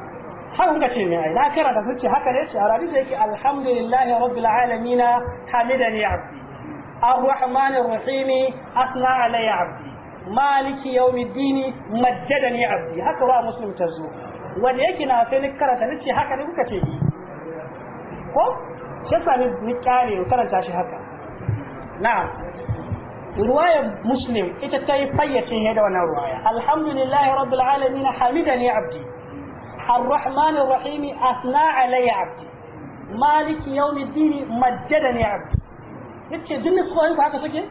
har kuka ce min ai na karanta sun ce haka ne ce a hadisi yake alhamdulillahi rabbil alamin hamidani abdi الرحمن الرحيم أثنى علي عبدي مالك يوم الدين مجدني عبدي هكذا ta zo, wani yake na sai ni karanta ni ce haka ne kuka ce ni ko shi sami ni kyale karanta shi haka na'am رواية مسلم إذا تايفاية هذا وانا رواية الحمد لله رب العالمين حمدا يا عبدي الرحمن الرحيم أثنى علي عبدي مالك يوم الدين مجدا يا عبدي إذا جنة سؤال هكذا سكي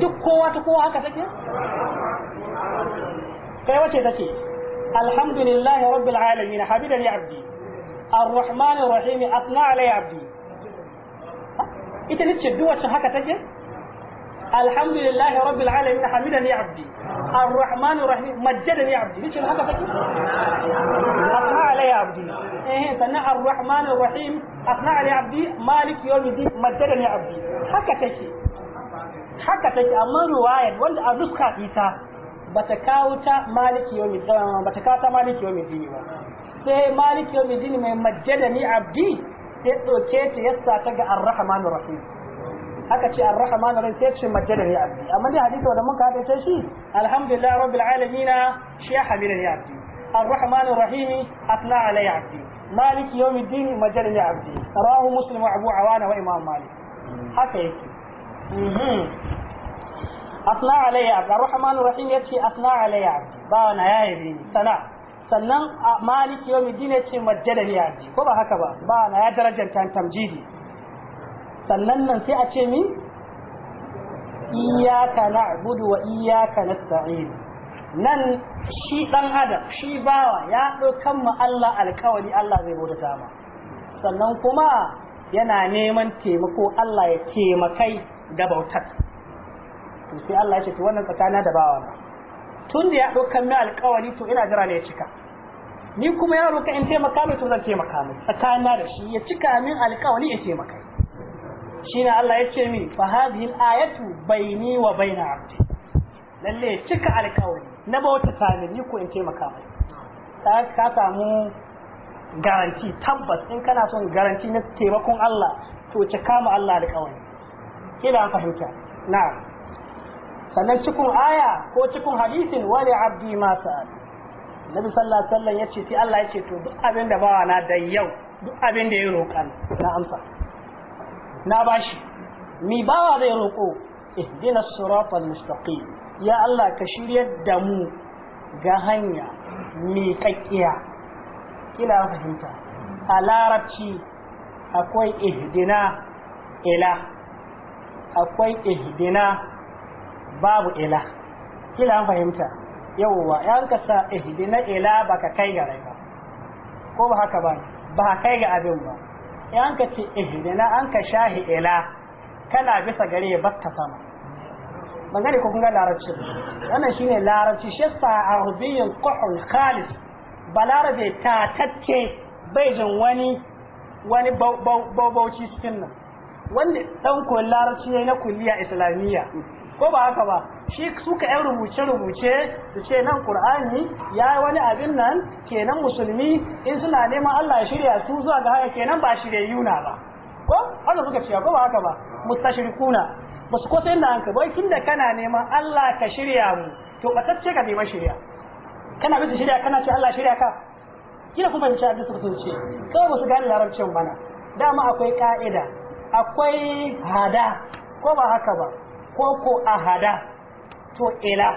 دك قوة قوة هكذا سكي كيف تكي الحمد لله رب العالمين حمدا يا عبدي الرحمن الرحيم أثنى علي عبدي إذا نتشدوا هكذا سكي الحمد لله رب العالمين حمدني عبدي الرحمن الرحيم مجدني عبدي ليش هذا فكر أثنى علي عبدي إيه سنع الرحمن الرحيم أثنى علي عبدي مالك يوم الدين مجدني عبدي حكى تشي حكى تشي أما رواية ولا النسخة إيسا بتكاوتا مالك يوم الدين بتكاوتا مالك يوم الدين sai إيه، مالك يوم الدين mai يا عبدي abdi ya ɗauke الرحمن الرحيم aka ce ar-rahman ar sai ce ya abdi amma dai hadisi wanda muka hada shi alhamdulillah rabbil alamin shi ya ya abdi ar-rahman ar-rahim abdi maliki yawmiddin ya abdi muslim wa abu awana wa imam malik haka yake mhm. abdi ar-rahman ar-rahim yace abdi ba sana sannan maliki yawmiddin yace ya abdi ko ba haka ba ba na ya darajanta tamjidi sannan nan sai a ce min iyaka na abudu wa iyaka na sa'in nan shi dan adam shi bawa ya ɗaukan mu Allah alkawari Allah zai bauta dama sannan kuma yana neman taimako Allah ya taimakai da bautar to sai Allah ya ce to wannan tsakana da bawa na tun da ya ɗaukan mu alkawari to ina jira ne ya cika ni kuma ya roƙa in taimaka mai to zan taimaka mai tsakana da shi ya cika min alkawari ya taimakai shine Allah ya ce min fa hadhihi ayatu ni wa na abdi lalle cika alkawari na bauta ni ko in taimaka mai ta ka samu garanti tabbas in kana son garanti na taimakon Allah to cika mu Allah alkawari kila an fahimta na'am sannan cikin aya ko cikin hadisin wali abdi ma sa'al nabi sallallahu alaihi wasallam yace sai Allah yace to duk abin da bawa na da yau duk abin da ya roƙa na amsa na bashi mi bawa zai roƙo ihdina siratal mustaqim ya Allah ka shiryar da mu ga hanya mi kakkiya kila an fahimta a larabci akwai ihdina ila akwai ihdina babu ila kila an fahimta yawwa yan ka sa ihdina ila baka kai ga rai ba ko ba haka ba ba kai ga abin ba in an ka ce ihdina an ka shahi ila kana bisa gare ya bakka sama ban gane ko kun ga larabci wannan shine larabci shi yasa arabiyyin quhul khalis balarabe ta tacce bai jin wani wani bauchi cikin nan wanda dan koyon larabci ne na kulliya islamiyya ko ba haka ba shi suka yan rubuce-rubuce su ce nan qur'ani ya yi wani abin nan kenan musulmi in suna neman Allah ya shirya su zuwa ga haka kenan ba shiryayyu na ba ko Allah suka ce ko ba haka ba mustashrikuna ba su ko sai da hanka bai tunda kana neman Allah ka shirya mu to ba tacce ka neman shirya kana bisa shirya kana ce Allah shirya ka kina kuma ce abin suka fahimce ko ba su gane larabcin bana dama akwai ka'ida akwai hada ko ba haka ba ko ko a hada to ila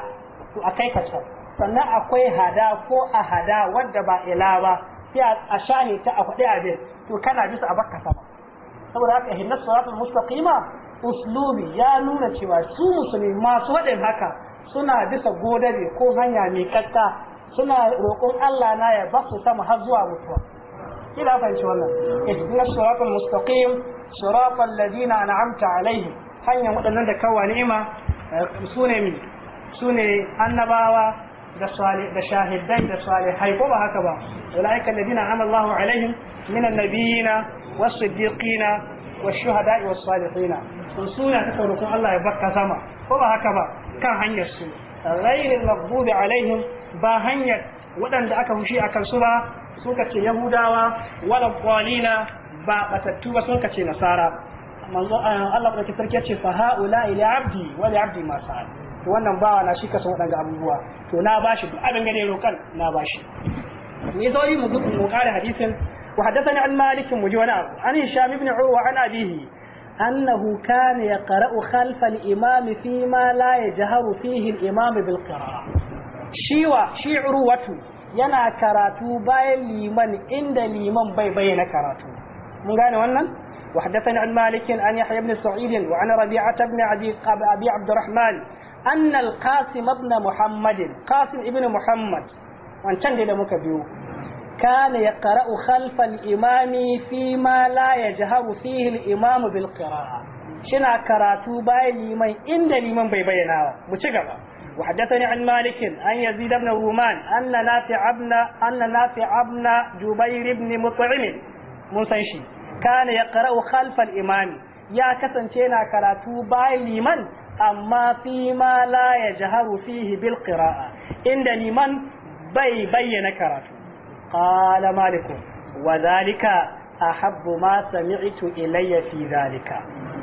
to a kai ka sannan akwai hada ko a hada wadda ba ila ba sai a shahi ta a faɗi abin to kana bisa a baka sama saboda haka hinna siratul mustaqima uslubi ya nuna cewa su musulmi masu waɗin haka suna bisa godare ko hanya mai kakka suna roƙon Allah na ya ba su sama har zuwa mutuwa kila fahimci wannan ihdinas siratal mustaqim siratal ladina an'amta alaihim hanyar waɗannan da kawo ni'ima eh, su ne mi su ne annabawa da shahidai da salihai ko ba haka ba ulaiika alladhina an'ama amallahu alaihim minan nabiyina wasu siddiqina wasu shuhadai was-salihina to suna ta rukun Allah ya barka sama ko ba haka ba kan hanyar su ghayril maghdubi alaihim ba hanyar waɗanda aka hushi akan su ba suka ce yahudawa wala qalina ba batattu ba suka ce nasara manzo eh, Allah da sarki ya ce fa haula ila abdi wa li abdi ma sa'al to wannan bawa na shi ka san wadanga abubuwa to na bashi duk abin gane rokan na bashi ni zo yi mu duk mu kare hadisin wa haddathani an malik mu ji wani abu an hisham ibn urwa an abihi annahu kana yaqra'u khalfa al-imam fi ma la yajharu fihi al-imam bil qira'a shiwa shi urwatu yana karatu bayan liman inda liman bai bayyana karatu mun gane wannan وحدثنا عن مالك عن يحيى بن سعيد وعن ربيعة بن عدي أبي عبد الرحمن أن القاسم بن محمد قاسم ابن محمد وان كان كان يقرأ خلف الإمام فيما لا يجهر فيه الإمام بالقراءة شنا كراتو باي ليمان إن ليمان باي باي وحدثني عن مالك أن يزيد بن رومان أن نافع ابن أن نافع ابن جبير بن مطعم منسنشي kana yaqra'u khalfal imami ya kasance na karatu bayan liman amma fi ma la yajharu fihi bil qira'a inda liman bai bayyana karatu qala malikun wa dhalika ahabbu ma sami'tu ilayya fi zalika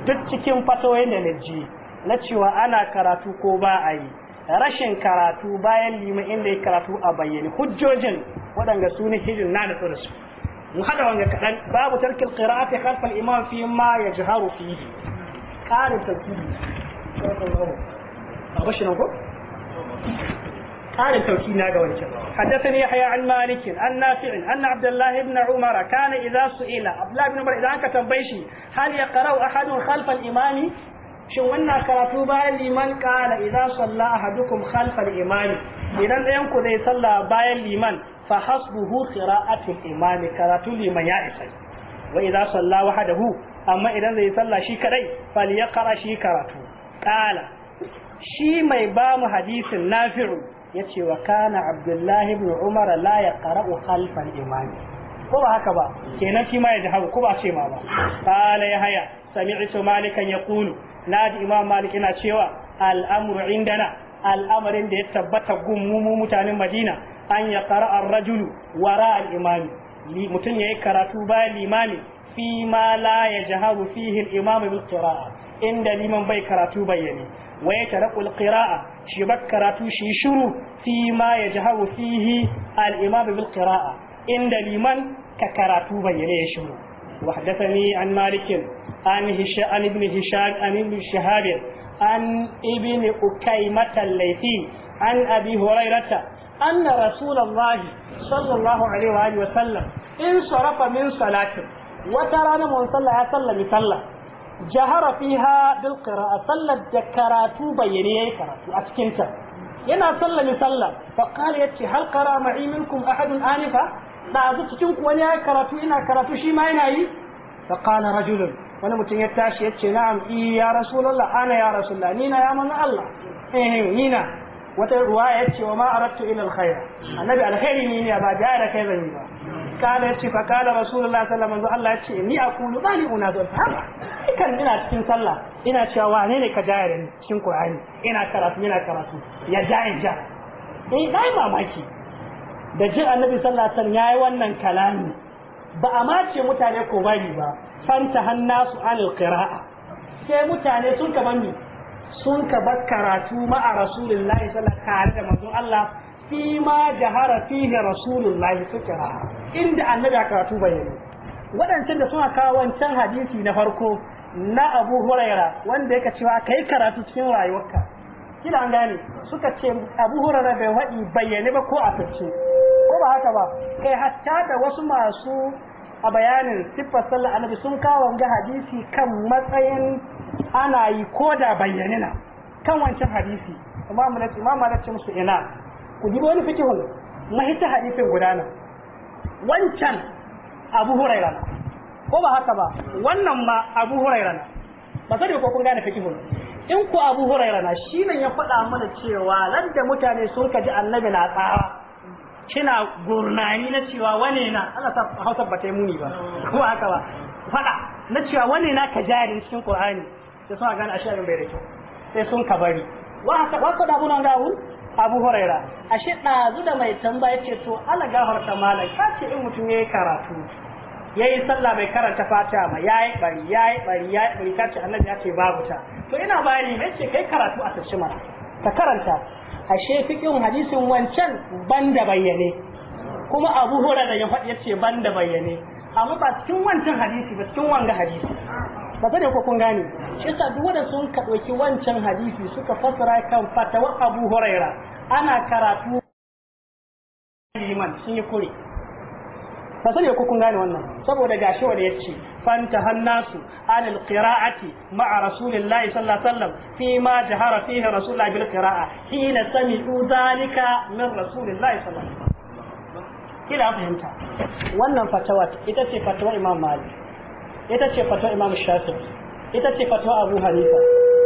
duk cikin fatoyin da naji na cewa ana karatu ko ba a yi rashin karatu bayan liman inda ya karatu a bayyane hujjojin waɗanda su ne hijin na da su mu hada wanga kadan babu tarkil qira'ati khalf al-imam قال توكينا حدثني يحيى عن مالك عن نافع أن عبد الله بن عمر كان إذا سئل عبد الله بن عمر إذا أنك تنبيشي هل يقرأ أحد خلف الإمام شو أن كرتوبا لمن قال إذا صلى أحدكم خلف الإمام إذا ينكو يصلى صلى بايا لمن fa hasbuhu qira'atu imami karatu liman ya isa wa idza salla wahdahu amma idan zai yi salla shi kadai falyaqra shi karatu qala shi mai ba mu hadisin nafi'u yace wa kana abdullahi ibn umar la yaqra'u khalfal imami ko ba haka ba kenan shi ya ji haka ko ba ce ma ba qala ya haya sami'tu malikan yaqulu nadi imam malik yana cewa al'amru indana al'amarin da ya tabbata gumu mutanen madina an ya qara an rajulu wara al-imam mutum yayi karatu bayan limami fi ma la ya jahabu fihi al-imam bil qira'a inda liman bai karatu bayyane wa ya yataraku al-qira'a shi bak karatu shi shuru fi ma ya jahabu fihi al-imam bil qira'a inda liman ka karatu bayyane ya shuru وحدثني عن مالك عن هشام عن ابن هشام عن ابن شهاب عن ابن أكيمة الليثي عن أبي هريرة أن رسول الله صلى الله عليه وآله وسلم انصرف من صلاة وترانا من صلى صلى صلى جهر فيها بالقراءة صلى الدكراتو بيني كراتو أسكنت ينا صلى صلى فقال يتي هل قرأ معي منكم أحد آنفا بعض تشوف ولا كراتو إنا كراتو شي ما ينعي فقال رجل wani mutum ya tashi ya ce na'am i ya rasulullah ana ya rasulullah nina ya manzo Allah eh nina wata ruwa ya ce wa ma aradtu ila alkhair annabi alkhairi ne ne ba da kai zan yi ba kana yace fa kana rasulullahi sallallahu alaihi wasallam Allah ce ni aqulu bali una dol haba kan ina cikin sallah ina cewa wane ne ka jaya da ni cikin qur'ani ina karatu ina karatu ya ja in ja eh dai mamaki da jin annabi sallallahu alaihi wasallam yayi wannan kalami ba a mace mutane ko bari ba fanta hannasu anil qira'a sai mutane sun ka bani sun ka bar karatu ma'a rasulullahi sallallahu kare da manzon Allah fi ma jahara fihi rasulullahi suka inda annabi karatu bayani waɗancan da suna kawo wancan hadisi na farko na Abu Huraira wanda yake cewa kai karatu cikin rayuwarka kina an gane suka ce Abu Huraira bai wadi bayyane ba ko a fice ko ba haka ba kai hatta da wasu masu a bayanin siffar sallar annabi sun kawo ga hadisi kan matsayin ana yi ko da bayyane na kan wancan hadisi imamu nace imamu nace musu ina ku ji wani fikihun mahita hadisin gudana wancan abu huraira ko ba haka ba wannan ma abu huraira ba sai ko kun gane fikihu in ku abu huraira na shi ne ya faɗa mana cewa nan da mutane sun ka ji annabi na tsawa kina gurnani na cewa wane na Allah ta hausa ba ta yi muni ba ko haka ba faɗa na cewa wane na ka jari cikin Qur'ani sai suna gane ashe abin bai da kyau sai sun ka bari wa ka dabu nan gahu abu huraira ashe ɗazu da mai tambaya ce to ala gafarta malam ka ce in mutum ya yi karatu ya yi sallah bai karanta fata ma ya yi bari ya yi bari ya bari ka annabi ya ce babu ta to ina bayani mai ce kai karatu a tashi mana ka karanta ashe fikin hadisin wancan banda bayyane kuma abu huraira ya faɗi yace banda bayyane amma ba cikin wancan hadisi ba cikin wanga hadisi ba sani ko kun gane shi yasa duk wanda sun ka dauki wancan hadisi suka fasara kan fatawar Abu Huraira ana karatu liman sun yi kure ba sani ko kun gane wannan saboda gashi wanda yace fanta hannasu anil qira'ati ma'a rasulillahi sallallahu alaihi wasallam fi ma jahara fihi rasulullahi bil qira'a hina sami'u zalika min rasulillahi sallallahu alaihi wasallam kila fahimta wannan fatawa ita ce fatawar Imam Malik ita ce fatwa imam shafi ita ce fatwa abu hanifa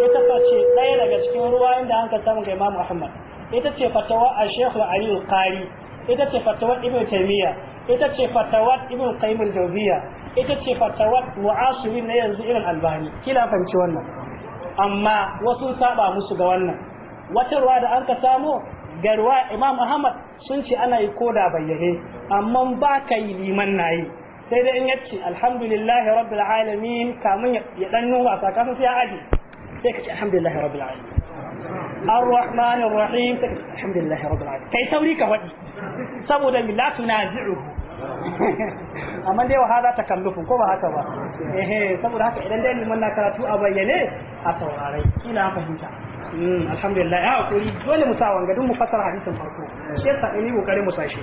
ita fa ce ɗaya daga cikin ruwa inda an ka samu ga imam ahmad ita ce fatawa a shehu ali al-qari ita ce fatawa ibn taymiya ita ce fatawa ibn qayyim al ita ce fatawa mu'asiri na yanzu irin albani kila fanci wannan amma wasu saba musu ga wannan wata ruwa da an ka samu ga ruwa imam ahmad sun ce ana yi koda bayyane amma ba ka yi liman nayi sai dai in yace alhamdulillahi rabbil alamin kamun ya dan nuna sakamakon sai ya aji sai ka ce alhamdulillahi rabbil alamin الرحمن الرحيم الحمد لله رب العالمين كي توريك ودي saboda la tunazi'u [LAUGHS] amma dai wahala ta kallufin ko ba haka ba eh saboda haka idan dai mun na karatu a bayyane a saurare kila fahimta alhamdulillah ya hakuri dole mu sa wanga duk mu fassara hadisin farko shi yasa ni kare mu sashi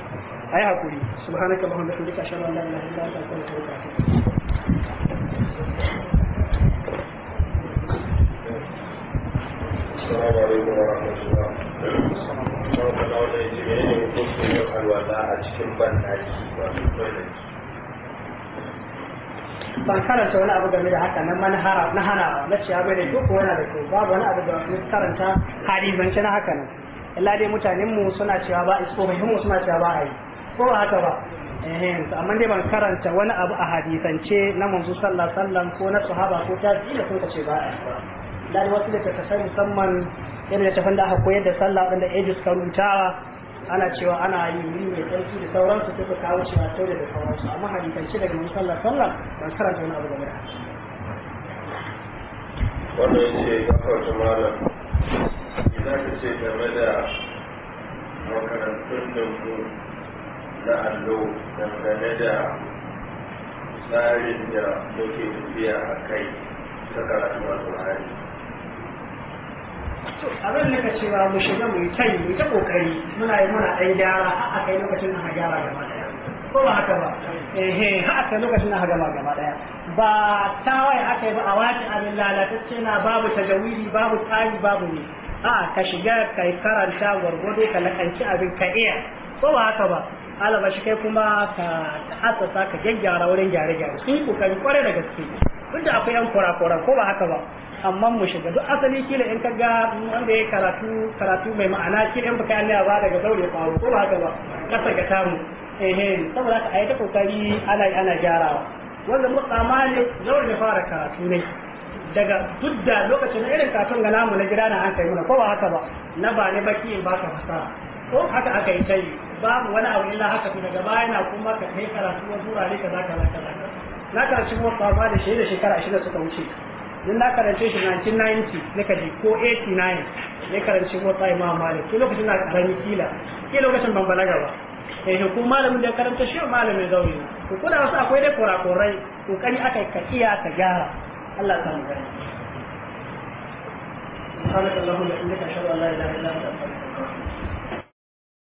ayi hakuri subhanaka allahumma hamdika ashhadu an la ilaha illa anta astaghfiruka wa atubu Assalamu alaikum wa rahmatullah. Sau da kawai da jini ne mutum ya kalwala a cikin ban ɗaki ban karanta wani abu game da haka na manhara na hana na ce bai da duk ko wani da kyau babu wani abu da mun karanta hadizance na haka nan illa dai mutanen mu suna cewa ba isko mai himu suna cewa ba ai ko ba haka ba eh amma dai ban karanta wani abu a hadisance na manzo sallallahu alaihi wasallam ko na sahaba ko tabi'i da sun ce ba ai da wasu da ta musamman yadda da tafanda da aka koyar da sallah wanda ejis ka rutawa ana cewa ana yi wuri mai tsarki da sauransu suka kawo cewa tsaye da sauransu amma hadisance daga mun sallah sallah ban karanta wani abu game da hajji wanda ya ce ga farce malam za ka ce game da makarantun da mu na allo dangane da tsarin da muke tafiya a kai ta karatu masu hari abin da ka cewa mu shiga mu yi kai mu ta kokari muna yi muna ɗan gyara a akai lokacin da gyara gaba daya ko ba haka ba eh har akai lokacin da gaba gaba ɗaya ba tawai akai ba a wace abin lalatacce na babu tajawili babu tsari babu ne a ka shiga ka karanta gwargwado ka lakanci abin ka iya ko ba haka ba alaba shi kai kuma ka asasa ka gyaggyara wurin gyare-gyare sun yi kokari kwarai da gaske duk da akwai yan kura-kura ko ba haka ba amma mu shiga duk asali kila in ka ga wanda ya karatu karatu mai ma'ana kila in baka Allah ba daga ya faru ko ba haka ba kasa ga tamu eh eh saboda ka ayi ta kokari ana ana gyarawa wanda mu tsamani zaure ne fara karatu ne daga duk da lokacin irin karatun ga namu na gida na an kai mana ko ba haka ba na ba ne baki in baka fasa ko haka aka yi tai babu wani abu illa haka to daga baya na kuma ka kai karatu wasu wurare kaza kaza kaza na karshen wata ba da shi da shekara 20 suka wuce don na karance shi 1990 na kaji ko 89 na karance motsa imam malik ke lokacin na karami kila ke lokacin ban balaga ba eh hukun malamin da karanta shi malamin zauri ne ko kuna wasu akwai dai kurakurai kokari aka ka iya ka gyara Allah ta mu gani سبحانك اللهم وبحمدك اشهد ان لا اله الا انت استغفرك